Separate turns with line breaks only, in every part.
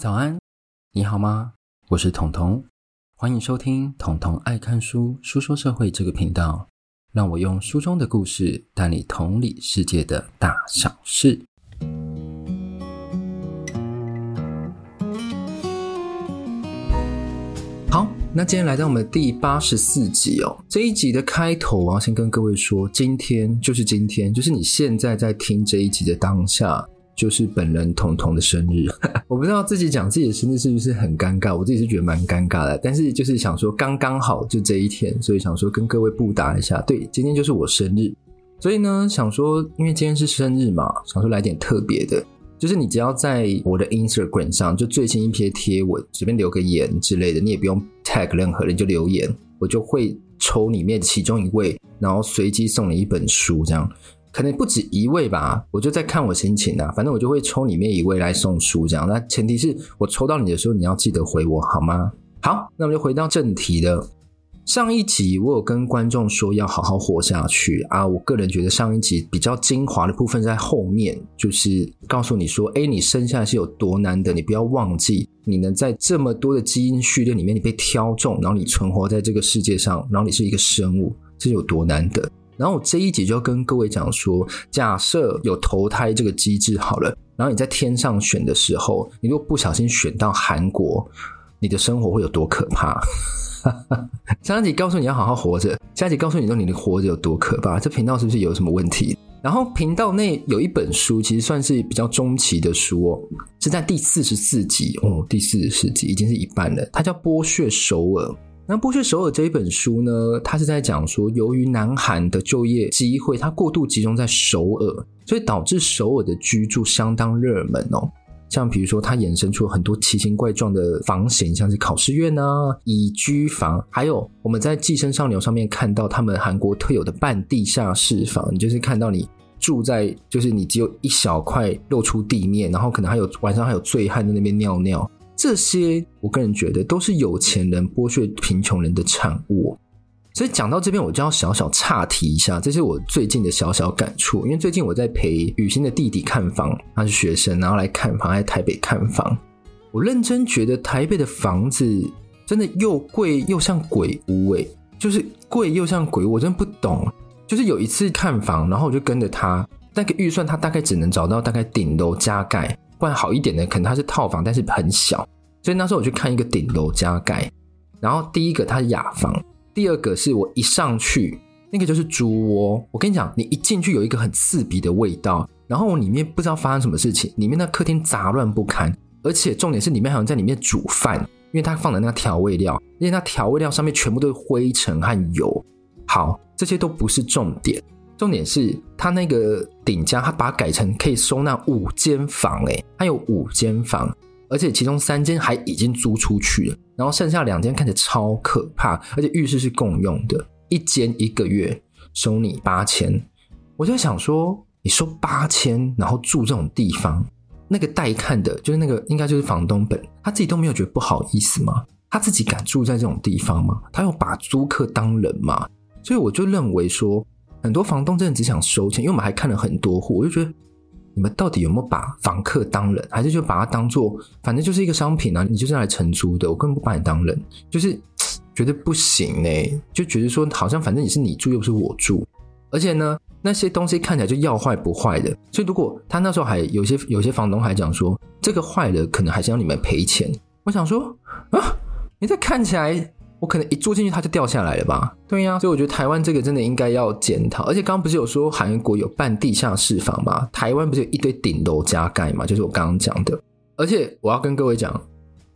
早安，你好嗎？我是統統，歡迎收聽《統統愛看書書說社會》這個頻道。讓我用書中的故事帶你同理世界的大小事。好，那今天來到我們的第八十四集哦。這一集的開頭啊，我要先跟各位說，今天就是今天，就是你現在在聽這一集的當下。就是本人統統的生日， 我不知道自己講自己的生日是不是很尷尬？我自己是覺得蠻尷尬的。但是就是想說，剛剛好就這一天，所以想說跟各位布達一下。對，今天就是我生日，所以呢想說，因為今天是生日嘛，想說來點特別的，就是你只要在我的 Instagram 上，就最新一篇貼我隨便留個言之類的，你也不用 Tag 任何人，就留言，我就會抽裡面其中一位，然後隨機送你一本書這樣。可能不止一位吧，我就在看我心情啦、啊。反正我就會抽裡面一位來送書這樣。那前提是我抽到你的時候，你要記得回我好嗎？好，那麼就回到正題了。上一集我有跟觀眾說要好好活下去啊。我個人覺得上一集比較精華的部分在後面，就是告訴你說，哎，你生下來是有多難得，你不要忘記，你能在這麼多的基因序列裡面，你被挑中，然後你存活在這個世界上，然後你是一個生物，這有多難得。然後我這一集就要跟各位講說，假設有投胎這個機制好了，然後你在天上選的時候，你如果不小心選到韓國，你的生活會有多可怕？ 下一集告訴你要好好活着，下一集告訴你說你的活着有多可怕，這頻道是不是有什麼問題？然後頻道內有一本書，其實算是比較中期的書哦，是在第四十四集哦，嗯，第四十四集已經是一半了，它叫《剝削首爾》。那《剝削首爾》這一本書呢，它是在講說，由於南韓的就業機會它過度集中在首爾，所以導致首爾的居住相當熱門哦。像比如說，它衍生出了很多奇形怪狀的房型，像是考試院啊、蟻居房，還有我們在《寄生上流》上面看到他們韓國特有的半地下室房，你就是看到你住在就是你只有一小塊露出地面，然後可能還有晚上還有醉漢在那邊尿尿。這些，我個人覺得都是有錢人剝削貧窮人的產物。所以講到這邊，我就要小小岔題一下，這是我最近的小小感觸。因為最近我在陪雨新的弟弟看房，他是學生，然後來看房，在台北看房。我認真覺得台北的房子真的又貴又像鬼屋，哎，就是貴又像鬼屋，我真的不懂。就是有一次看房，然後我就跟着他，那個預算他大概只能找到大概頂樓加蓋。不然好一點的，可能它是套房，但是很小。所以那時候我去看一個頂樓加蓋，然後第一個它是雅房，第二個是我一上去，那個就是豬窩。我跟你講，你一進去有一個很刺鼻的味道，然後我裡面不知道發生什麼事情，裡面的客廳雜亂不堪，而且重點是裡面好像在裡面煮飯，因為它放的那個調味料，因為它調味料上面全部都是灰塵和油。好，這些都不是重點。重點是他那個頂加，他把它改成可以收納五間房，哎，他有五間房，而且其中三間還已經租出去了，然後剩下兩間看着超可怕，而且浴室是共用的，一間一個月收你八千，我就想說，你收八千，然後住這種地方，那個帶看的，就是那個應該就是房東本，他自己都沒有覺得不好意思嗎？他自己敢住在這種地方嗎？他有把租客當人嗎？所以我就認為說。很多房東真的只想收錢，因為我們還看了很多戶，我就覺得你們到底有沒有把房客當人還是就把它當做反正就是一個商品啊，你就是來承租的，我根本不把你當人，就是覺得不行呢，就覺得說好像反正也是你住又不是我住，而且呢那些東西看起來就要壞不壞的，所以如果他那時候還有些有些房東還講說這個壞了可能還是要你們賠錢，我想說啊，你這看起來。我可能一坐進去，它就掉下來了吧？對呀、啊，所以我覺得台灣這個真的應該要檢討。而且剛剛不是有說韓國有半地下室房嗎？台灣不是有一堆頂樓加蓋嗎？就是我剛剛講的。而且我要跟各位講，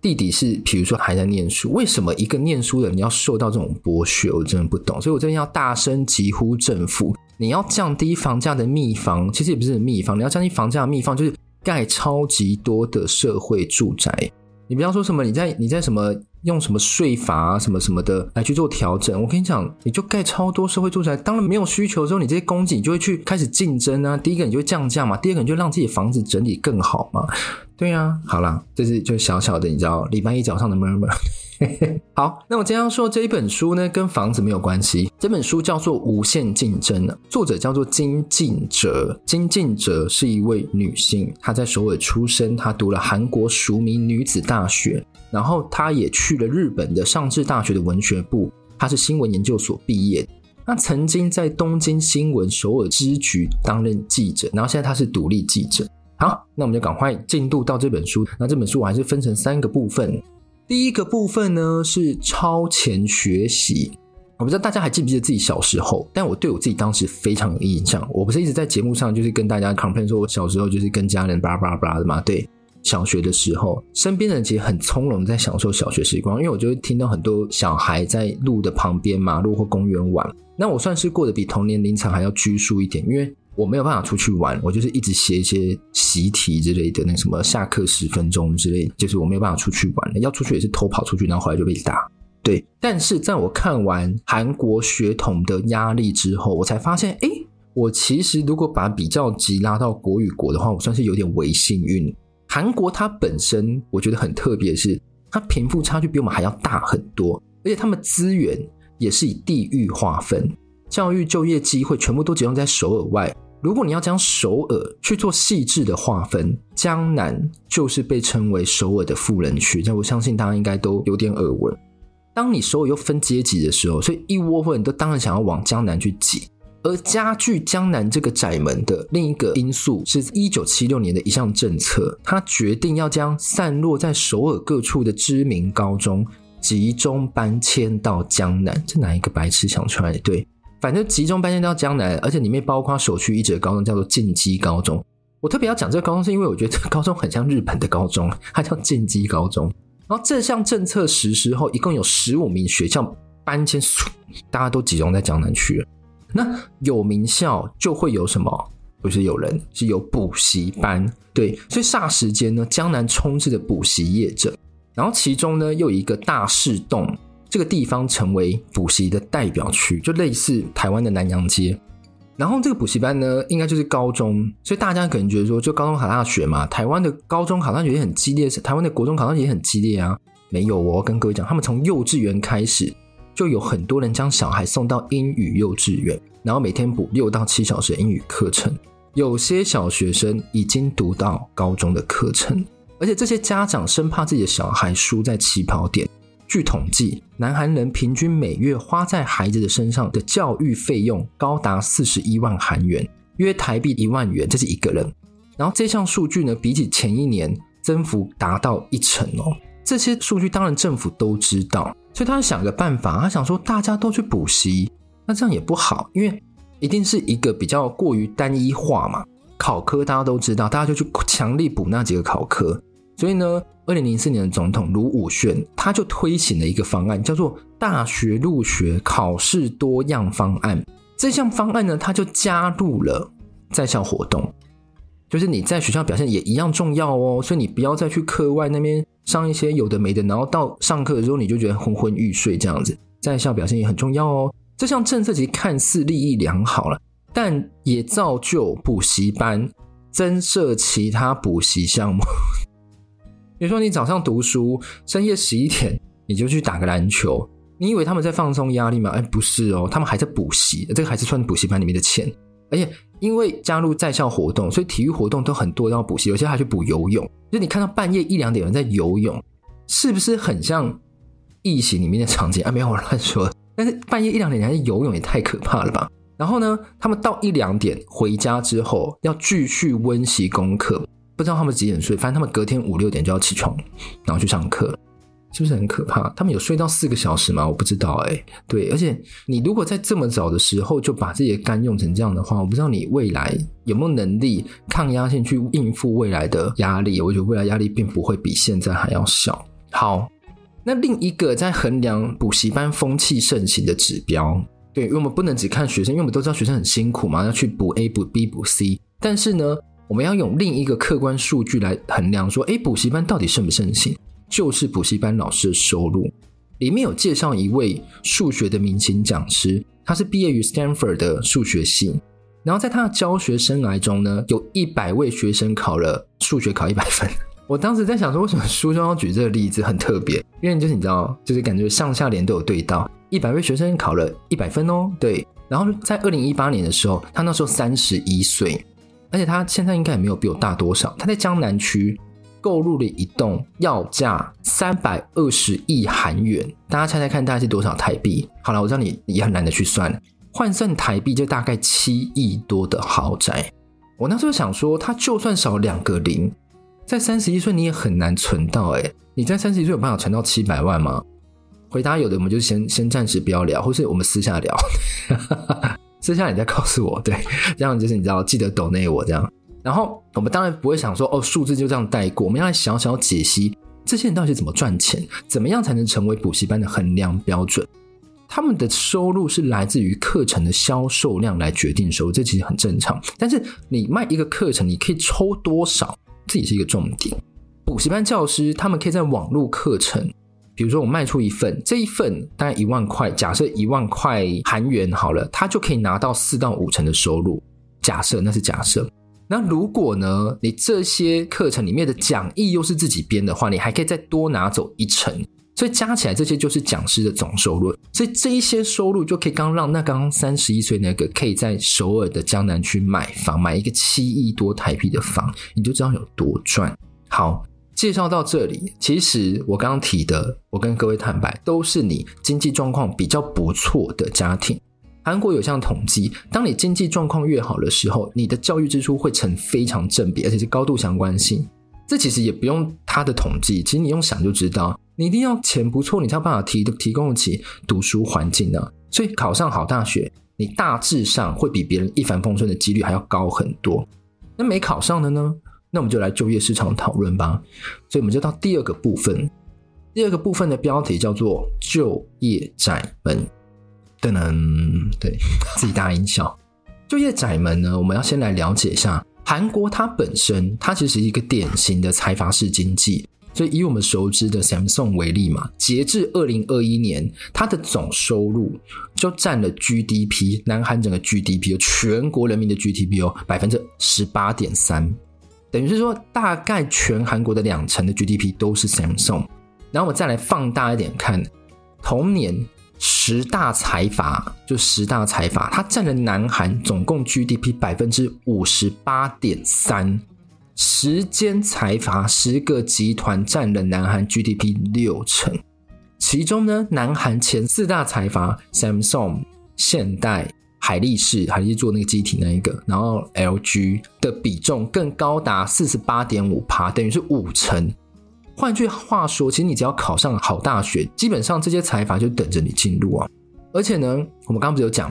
弟弟是比如說還在念書，為什麼一個念書的你要受到這種剝削？我真的不懂。所以我真的要大聲疾呼政府，你要降低房價的秘方。其實也不是秘方，你要降低房價的秘方，就是蓋超級多的社會住宅。你不要說什麼，你在你在什麼用什麼稅法啊什麼什麼的來去做調整。我跟你講，你就蓋超多社會住宅，當然沒有需求的時候，你這些供給你就會去開始競爭啊。第一個你就會降價嘛，第二個你就讓自己房子整理更好嘛。對啊，好啦，這是就小小的，你知道，禮拜一早上的 murmur 好，那我今天要說這一本書呢，跟房子沒有關係。這本書叫做《無限競爭》，作者叫做金敬哲。金敬哲是一位女性，她在首爾出生，她讀了韓國淑明女子大學，然後她也去了日本的上智大學的文學部，她是新聞研究所畢業。她曾經在東京新聞首爾支局擔任記者，然後現在她是獨立記者。好，那我們就趕快進度到這本書。那這本書我還是分成三個部分。第一個部分呢，是超前學習，我不知道大家還記不記得自己小時候，但我對我自己當時非常有印象。我不是一直在節目上就是跟大家 complain 說，我小時候就是跟家人巴拉巴拉巴拉的嘛。對，小學的時候，身邊人其實很從容在享受小學時光，因為我就會聽到很多小孩在路的旁邊、馬路或公園玩。那我算是過得比同年齡層還要拘束一點，因為。我沒有辦法出去玩，我就是一直寫一些習題之類的，那什麼下課十分鐘之類，就是我沒有辦法出去玩了。要出去也是偷跑出去，然後回來就被打。對，但是在我看完韓國學童的壓力之後，我才發現，哎，我其實如果把比較級拉到國與國的話，我算是有點微幸運。韓國它本身我覺得很特別的是，它貧富差距比我們還要大很多，而且他們資源也是以地域劃分，教育、就業機會全部都集中在首爾外。如果你要將首爾去做細緻的劃分，江南就是被稱為首爾的富人區。那我相信大家應該都有點耳聞。當你首爾又分階級的時候，所以一窩蜂你都當然想要往江南去擠。而加劇江南這個窄門的另一個因素是，一九七六年的一項政策，它決定要將散落在首爾各處的知名高中集中搬遷到江南。這哪一個白痴想出來的？對。反正集中搬遷到江南，而且裡面包括首屈一指的高中，叫做京畿高中。我特別要講這個高中，是因為我覺得這個高中很像日本的高中，它叫京畿高中。然後這項政策實施後，一共有十五名學校搬遷，大家都集中在江南區。那有名校，就會有什麼？不是有人，是有補習班，對，所以霎時間呢，江南充斥着補習業者。然後其中呢，又有一個大峙洞。這個地方成為補習的代表區，就類似台灣的南陽街。然後這個補習班呢，應該就是高中，所以大家可能覺得說，就高中考大學嘛。台灣的高中考大學也很激烈，台灣的國中考大學也很激烈啊。沒有，我要跟各位講，他們從幼稚園開始，就有很多人將小孩送到英語幼稚園，然後每天補六到七小時的英語課程。有些小學生已經讀到高中的課程，而且這些家長生怕自己的小孩輸在起跑點。據統計，南韓人平均每月花在孩子的身上的教育費用高達四十一萬韓元，約台幣一萬元，這是一個人。然後這項數據呢，比起前一年增幅達到一成哦。這些數據當然政府都知道，所以他想個辦法，他想說大家都去補習，那這樣也不好，因為一定是一個比較過於單一化嘛。考科大家都知道，大家就去強力補那幾個考科。所以呢，二零零四年的總統盧武鉉他就推行了一個方案，叫做大學入學考試多樣方案。這項方案呢，他就加入了在校活動，就是你在學校表現也一樣重要哦。所以你不要再去課外那邊上一些有的沒的，然後到上課的時候你就覺得昏昏欲睡這樣子。在校表現也很重要哦。這項政策其實看似立意良好了，但也造就補習班增設其他補習項目。比如說，你早上讀書，深夜十一點你就去打個籃球。你以為他們在放鬆壓力嗎？哎，不是哦，他們還在補習，這個還是算是補習班裡面的錢。而、哎、且因為加入在校活動，所以體育活動都很多，都要補習，有些還去補游泳。就是、你看到半夜一兩點有人在游泳，是不是很像異形裡面的場景？啊，沒有，我亂說。但是半夜一兩點人在游泳也太可怕了吧？然後呢，他們到一兩點回家之後，要繼續溫習功課。不知道他們幾點睡，反正他們隔天五六點就要起床，然後去上課，是不是很可怕？他們有睡到四個小時嗎？我不知道哎、欸。對，而且你如果在這麼早的時候就把自己的肝用成這樣的話，我不知道你未來有沒有能力抗壓性去應付未來的壓力。我覺得未來壓力並不會比現在還要小。好，那另一個在衡量補習班風氣盛行的指標，對，因為我們不能只看學生，因為我們都知道學生很辛苦嘛，要去補 A 補 B 補 C，但是呢。我們要用另一個客觀數據來衡量，說，哎，補習班到底盛不盛行？就是補習班老師的收入，裡面有介紹一位數學的明星講師，他是畢業於 Stanford 的數學系，然後在他的教學生涯中呢，有一百位學生考了數學考一百分。我當時在想說，為什麼書中要舉這個例子很特別？因為就是你知道，就是感覺上下聯都有對到，一百位學生考了一百分哦，對。然後在二零一八年的時候，他那時候三十一歲。而且他現在應該也沒有比我大多少。他在江南區購入了一棟，要價三百二十億韓元。大家猜猜看，大概是多少台幣？好了，我讓你，你也難得去算，換算台幣就大概七億多的豪宅。我那時候想說，他就算少兩個零，在三十一歲你也很難存到、欸。哎，你在三十一歲有辦法存到七百萬嗎？回答有的，我們就先先暫時不要聊，或是我們私下聊。 接下來你再告訴我，對，這樣就是你知道，記得 donate 我這樣。然後我們當然不會想說，哦，數字就這樣帶過。我們要來小小解析這些人到底是怎麼賺錢，怎麼樣才能成為補習班的衡量標準？他們的收入是來自於課程的銷售量來決定收入，這其實很正常。但是你賣一個課程，你可以抽多少，這也是一個重點。補習班教師他們可以在網絡課程，比如說我賣出一份，這一份大概一萬塊，假設一萬塊韓元好了，他就可以拿到四到五成的收入。假設那是假設，那如果呢，你這些課程裡面的講義又是自己編的話，你還可以再多拿走一成，所以加起來這些就是講師的總收入。所以這一些收入就可以剛讓那剛剛三十一歲那個可以在首爾的江南區買房，買一個七億多台幣的房，你就知道有多賺。好。介紹到這裡，其實我剛剛提的，我跟各位坦白，都是你經濟狀況比較不錯的家庭。韓國有項統計，當你經濟狀況越好的時候，你的教育支出會成非常正比，而且是高度相關性。這其實也不用他的統計，其實你用想就知道，你一定要錢不錯，你才有辦法提、提供得起讀書環境呢、啊。所以考上好大學，你大致上會比別人一帆風順的幾率還要高很多。那沒考上的呢？那我們就來就業市場討論吧。所以我們就到第二個部分，第二個部分的標題叫做“就業窄門”。等等，對自己大音效。就業窄門呢，我們要先來了解一下韓國。它本身，它其實是一個典型的財閥式經濟。所以以我們熟知的 Samsung 為例嘛，截至二零二一年，它的總收入就佔了 GDP，南韓整個 GDP，有全國人民的 GDP 有百分之十八點三。等於是說，大概全韓國的兩成的 GDP 都是 Samsung。然後我再來放大一點看，同年十大財閥，就十大財閥，它占了南韓總共 GDP 百分之五十八點三。時間財閥十個集團占了南韓 GDP 六成，其中呢，南韓前四大財閥 Samsung、現代。海力士，海力士做那個記憶體那一個，然後 LG 的比重更高達四十八點五趴，等於是五成。換句話說，其實你只要考上好大學，基本上這些財閥就等着你進入啊。而且呢，我們剛剛不是有講，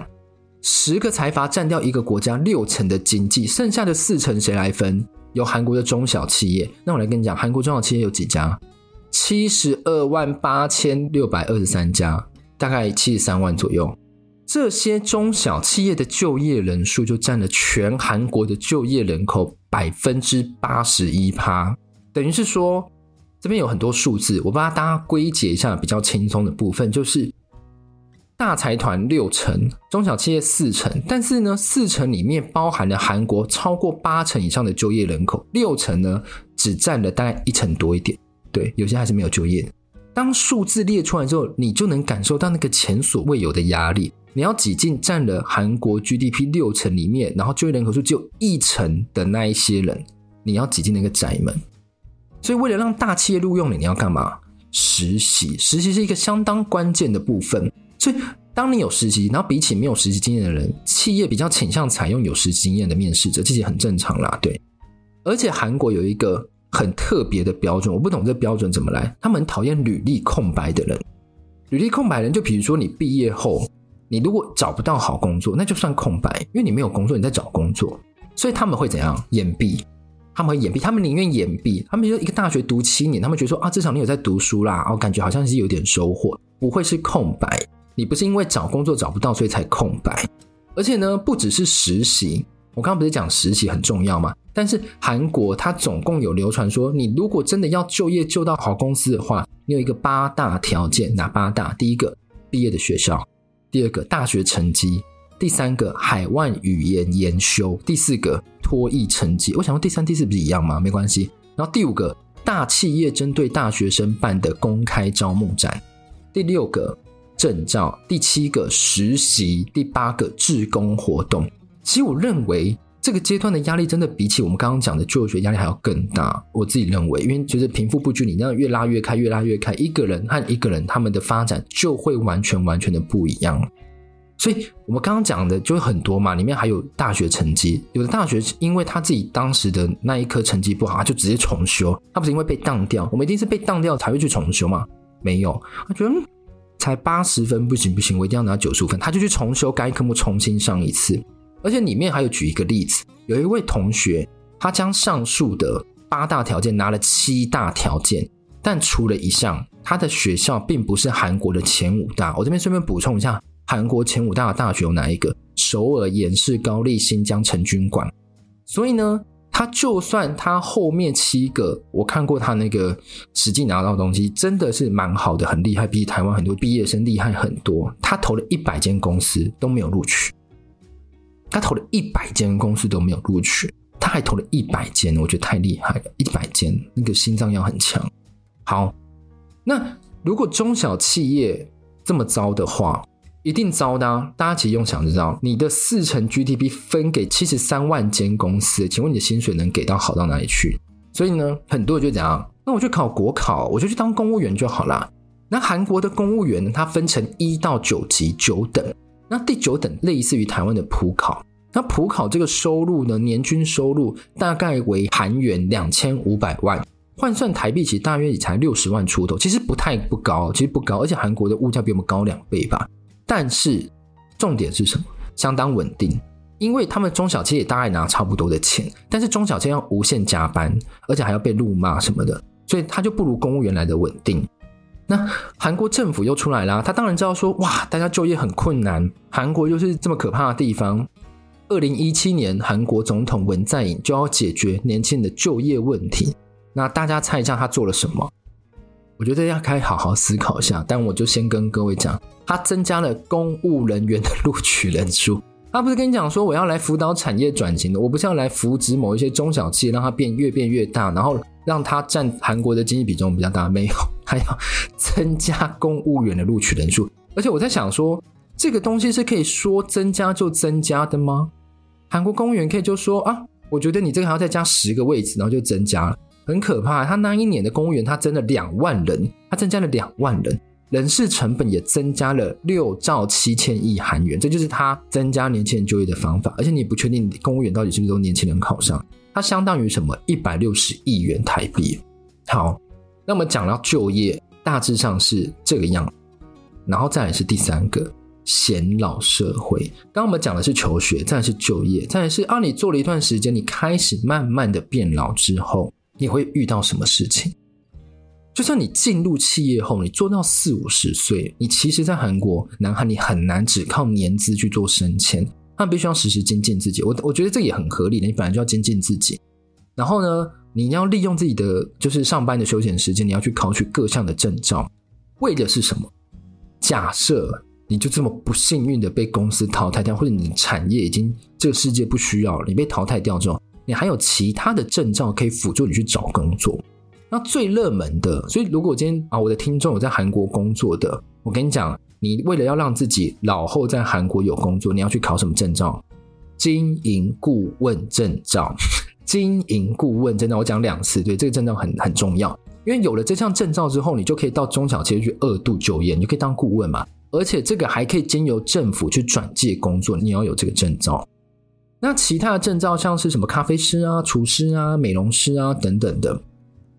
十個財閥占掉一個國家六成的經濟，剩下的四成誰來分？由韓國的中小企業。那我來跟你講，韓國中小企業有幾家？七十二萬八千六百二十三家，大概七十三萬左右。這些中小企業的就業人數就占了全韓國的就業人口百分之八十一趴，等於是說，這邊有很多數字，我幫大家歸結一下比較輕鬆的部分，就是大財團六成，中小企業四成，但是呢，四成裡面包含了韓國超過八成以上的就業人口，六成呢，只占了大概一成多一點。對，有些還是沒有就業的。當數字列出來之後，你就能感受到那個前所未有的壓力。你要擠進占了韓國 GDP 六成裡面，然後就業人口數只有一成的那一些人，你要擠進那個窄門。所以為了讓大企業錄用你，你要幹嘛？實習，實習是一個相當關鍵的部分。所以當你有實習，然後比起沒有實習經驗的人，企業比較傾向採用有實習經驗的面試者，這也很正常啦。對，而且韓國有一個很特別的標準，我不懂這標準怎麼來，他們很討厭履歷空白的人。履歷空白的人，就比如說你畢業後。你如果找不到好工作，那就算空白，因為你沒有工作，你在找工作，所以他們會怎樣？延畢，他們會延畢，他們寧願延畢。他們說一個大學讀七年，他們覺得說啊，至少你有在讀書啦，我感覺好像是有點收穫，不會是空白。你不是因為找工作找不到，所以才空白。而且呢，不只是實習，我剛剛不是講實習很重要嘛？但是韓國它總共有流傳說，你如果真的要就業，就到好公司的話，你有一個八大條件，哪八大？第一個，畢業的學校。第二個大學成績，第三個海外語言研修，第四個托業成績。我想說第三、第四不是一樣嗎？沒關係。然後第五個大企業針對大學生辦的公開招募展，第六個證照，第七個實習，第八個志工活動。其實我認為。這個階段的壓力真的比起我們剛剛講的就學壓力還要更大，我自己認為，因為就是貧富不均勻，你這樣越拉越開，越拉越開，一個人和一個人他們的發展就會完全完全的不一樣。所以我們剛剛講的就很多嘛，裡面還有大學成績，有的大學是因為他自己當時的那一科成績不好，他就直接重修，他不是因為被當掉，我們一定是被當掉才會去重修嘛。沒有，他覺得，嗯，才八十分不行不行，我一定要拿九十五分，他就去重修該科目重新上一次。而且裡面還有舉一個例子，有一位同學，他將上述的八大條件拿了七大條件，但除了一項，他的學校並不是韓國的前五大。我這邊順便補充一下，韓國前五大的大學有哪一個？首爾延世，高麗、西江、成均館。所以呢，他就算他後面七個，我看過他那個實際拿到的東西，真的是蠻好的，很厲害，比台灣很多畢業生厲害很多。他投了一百間公司都沒有錄取。他投了一百間公司都沒有錄取，他還投了一百間，我覺得太厲害了，一百間那個心臟要很強。好，那如果中小企業這麼糟的話，一定糟的啊！大家其實用想就知道，你的四成 GDP 分給七十三萬間公司，請問你的薪水能給到好到哪裡去？所以呢，很多人就講，那我去考國考，我就去當公務員就好了。那韓國的公務員呢，它分成一到九級，九等。那第九等類似於台灣的普考，那普考這個收入呢，年均收入大概為韓元兩千五百萬，換算台幣其實大約也才六十萬出頭，其實不太不高，其實不高，而且韓國的物價比我們高兩倍吧。但是重點是什麼？相當穩定，因為他們中小企業大概拿差不多的錢，但是中小企業要無限加班，而且還要被辱罵什麼的，所以它就不如公務員來的穩定。那韓國政府又出來啦、啊，他當然知道說，哇，大家就業很困難，韓國又是這麼可怕的地方。二零一七年，韓國總統文在寅就要解決年輕人的就業問題。那大家猜一下他做了什麼？我覺得大家可以好好思考一下。但我就先跟各位講，他增加了公務人員的錄取人數。他不是跟你講說我要來輔導產業轉型的，我不是要來扶植某一些中小企業讓它變越變越大，然後讓它佔韓國的經濟比重比較大，沒有。還要增加公務員的錄取人數，而且我在想說，這個東西是可以說增加就增加的嗎？韓國公務員可以就說啊，我覺得你這個還要再加十個位置，然後就增加了，很可怕。他那一年的公務員他增了兩萬人，他增加了兩萬人，人事成本也增加了六兆七千億韓元，這就是他增加年輕人就業的方法。而且你不確定公務員到底是不是都年輕人考上，它相當於什麼一百六十億元台幣。好。那我們講到就業，大致上是這個樣，然後再來是第三個，嫌老社會。剛,剛我們講的是求學，再來是就業，再來是啊。你做了一段時間，你開始慢慢的變老之後，你會遇到什麼事情？就算你進入企業後，你做到四五十歲，你其實，在韓國，南韓你很難只靠年資去做升遷，那必須要時時精進自己。我我覺得這也很合理的，你本來就要精進自己。然後呢，你要利用自己的就是上班的休閒時間，你要去考取各項的證照，為的是什麼？假設你就這麼不幸運的被公司淘汰掉，或者你的產業已經這個世界不需要了，你被淘汰掉之後，你還有其他的證照可以輔助你去找工作。那最熱門的，所以如果我今天啊，我的聽眾有在韓國工作的，我跟你講，你為了要讓自己老後在韓國有工作，你要去考什麼證照？經營顧問證照。 經營顧問，真的，我講兩次，對這個證照很很重要，因為有了這項證照之後，你就可以到中小企業去二度就業，你就可以當顧問嘛，而且這個還可以經由政府去轉介工作，你要有這個證照。那其他的證照像是什麼咖啡師啊、廚師啊、美容師啊等等的，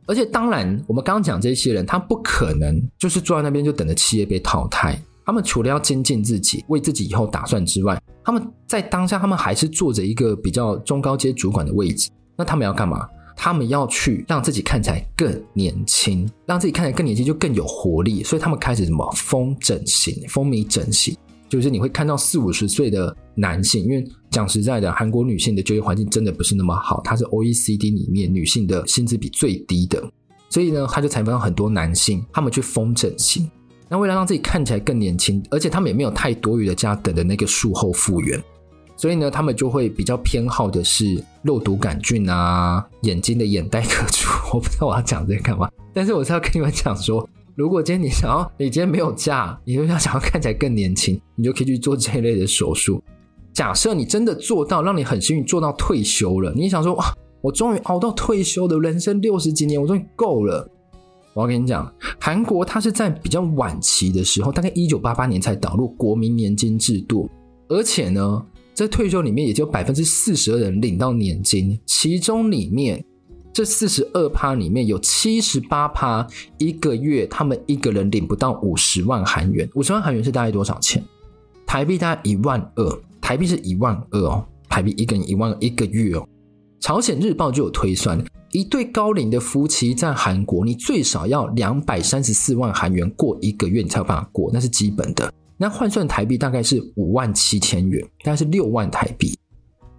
而且當然，我們剛剛講這些人，他不可能就是坐在那邊就等着企業被淘汰。他們除了要精進自己，為自己以後打算，之外，他們在當下他們還是坐着一個比較中高階主管的位置。那他們要幹嘛？他們要去讓自己看起來更年輕，讓自己看起來更年輕就更有活力。所以他們開始什麼？瘋整形、風靡整形，就是你會看到四五十歲的男性。因為講實在的，韓國女性的就業環境真的不是那麼好，她是 OECD 裡面女性的薪資比最低的。所以呢，他就採訪到很多男性，他們去瘋整形。那為了讓自己看起來更年輕，而且他們也沒有太多餘的假等的那個術後復原，所以呢，他們就會比較偏好的是肉毒桿菌啊，眼睛的眼袋切除。我不知道我要講這些幹嘛，但是我是要跟你們講說，如果今天你想要，你今天沒有假，你就像想要看起來更年輕，你就可以去做這一類的手術。假設你真的做到，讓你很幸運做到退休了，你想說哇，我終於熬到退休了，人生六十幾年，我終於夠了。我要跟你講，韓國它是在比較晚期的時候，大概一九八八年才導入國民年金制度，而且呢，在退休裡面也就百分之四十的人領到年金，其中裡面這四十二趴裡面有七十八趴，一個月他們一個人領不到五十萬韓元，五十萬韓元是大概多少錢？台幣大概一萬二，台幣是一萬二哦，台幣一個人一萬一個月哦。朝鮮日報就有推算。一對高齡的夫妻在韓國，你最少要兩百三十四萬韓元過一個月，你才有辦法過，那是基本的。那換算台幣大概是五萬七千元，大概是六萬台幣。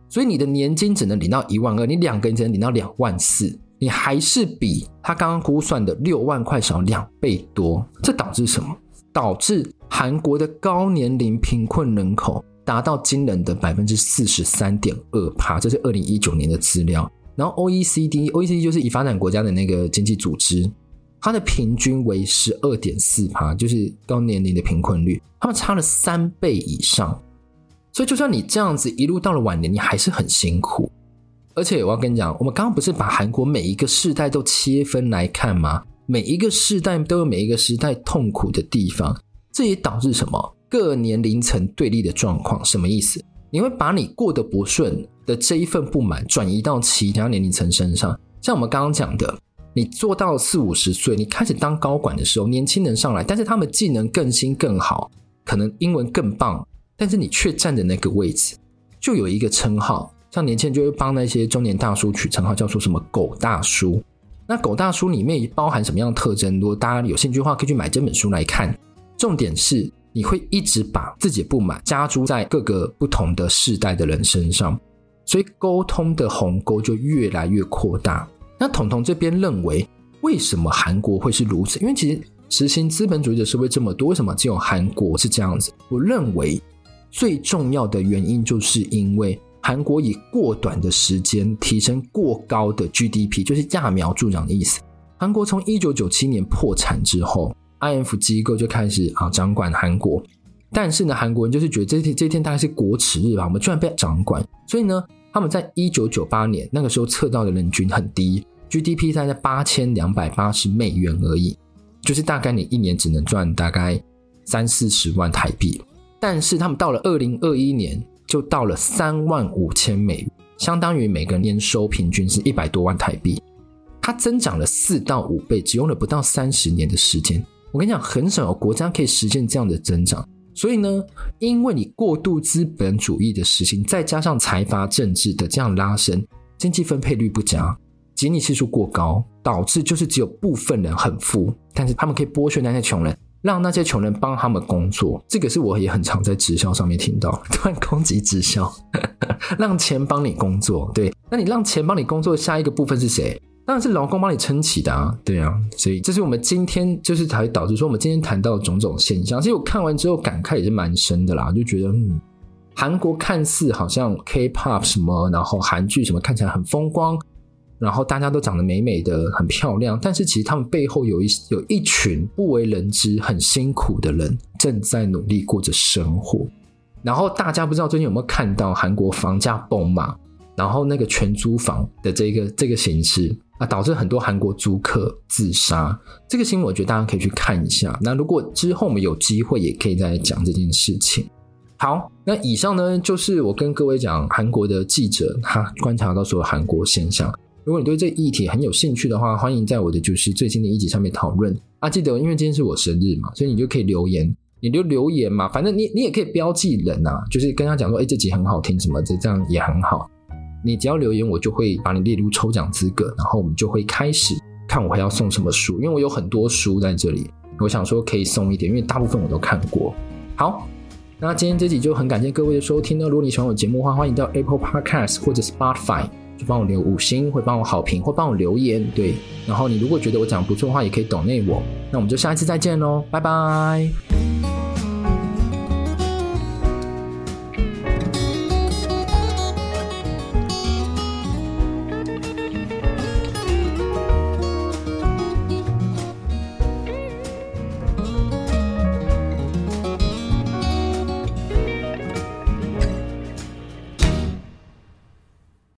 所以你的年金只能領到一萬二，你兩個人只能領到兩萬四，你還是比他剛剛估算的六萬塊少兩倍多。這導致什麼？導致韓國的高年齡貧困人口達到驚人的百分之四十三點二趴，這是二零一九年的資料。然後 OECD，OECD 就是已發展國家的那個經濟組織，它的平均為十二點四趴，就是高年齡的貧困率，他們差了三倍以上。所以就算你這樣子一路到了晚年，你還是很辛苦。而且我要跟你講，我們剛剛不是把韓國每一個世代都切分來看嗎？每一個世代都有每一個時代痛苦的地方，這也導致什麼？各年齡層對立的狀況。什麼意思？你會把你過得不順的這一份不滿轉移到其他年齡層身上，像我們剛剛講的，你做到四五十歲，你開始當高管的時候，年輕人上來，但是他們技能更新更好，可能英文更棒，但是你卻站在那個位置，就有一個稱號，像年輕人就會幫那些中年大叔取稱號，叫做什麼“狗大叔”。那“狗大叔”裡面包含什麼樣的特徵？如果大家有興趣的話，可以去買這本書來看。重點是，你會一直把自己不滿加諸在各個不同的世代的人身上。所以溝通的鴻溝就越來越擴大。那彤彤這邊認為，為什麼韓國會是如此？因為其實實行資本主義的社會這麼多，為什麼只有韓國是這樣子？我認為最重要的原因，就是因為韓國以過短的時間提升過高的 GDP，就是揠苗助長的意思。韓國從一九九七年破產之後，IMF 機構就開始啊掌管韓國，但是呢，韓國人就是覺得這這天大概是國恥日吧，我們居然被掌管，所以呢。他們在一九九八年那個時候測到的人均很低，GDP 大概八千兩百八十美元而已，就是大概你一年只能賺大概三四十萬台幣。但是他們到了二零二一年就到了三萬五千美元，相當於每個人年收平均是一百多萬台幣，它增長了四到五倍，只用了不到三十年的時間。我跟你講，很少有國家可以實現這樣的增長。所以呢，因為你過度資本主義的實行，再加上財閥政治的這樣拉升，經濟分配率不佳，貧富係數過高，導致就是只有部分人很富，但是他們可以剝削那些窮人，讓那些窮人幫他們工作。這個是我也很常在直銷上面聽到，突然攻擊直銷， 讓錢幫你工作。對，那你讓錢幫你工作的下一個部分是誰？當然是勞工幫你撐起的啊，對啊，所以這是我們今天就是才導致說我們今天談到的種種現象。其實我看完之後感慨也是蠻深的啦，就覺得嗯，韓國看似好像 K-pop 什麼，然後韓劇什麼看起來很風光，然後大家都長得美美的，很漂亮，但是其實他們背後有一有一群不為人知、很辛苦的人正在努力過着生活。然後大家不知道最近有沒有看到韓國房價崩嘛？然後那個全租房的這個這個形式。啊、導致很多韓國租客自殺，這個新聞我覺得大家可以去看一下。那如果之後我們有機會，也可以再講這件事情。好，那以上呢，就是我跟各位講韓國的記者，他觀察到所有韓國現象。如果你對這議題很有興趣的話，歡迎在我的就是最新的一集上面討論。啊，記得、哦、因為今天是我生日嘛，所以你就可以留言，你就留言嘛，反正你你也可以標記人吶、啊，就是跟他講說，哎、欸，這集很好聽什麼的，這樣也很好。你只要留言，我就會把你列入抽獎資格，然後我們就會開始看我還要送什麼書，因為我有很多書在這裡，我想說可以送一點，因為大部分我都看過。好，那今天這集就很感謝各位的收聽呢。如果你喜歡我節目的話，歡迎到 Apple Podcast 或者 Spotify，就幫我留五星，會幫我好評，或幫我留言。對，然後你如果覺得我講得不錯的話，也可以 donate 我。那我們就下一次再見嘍，拜拜。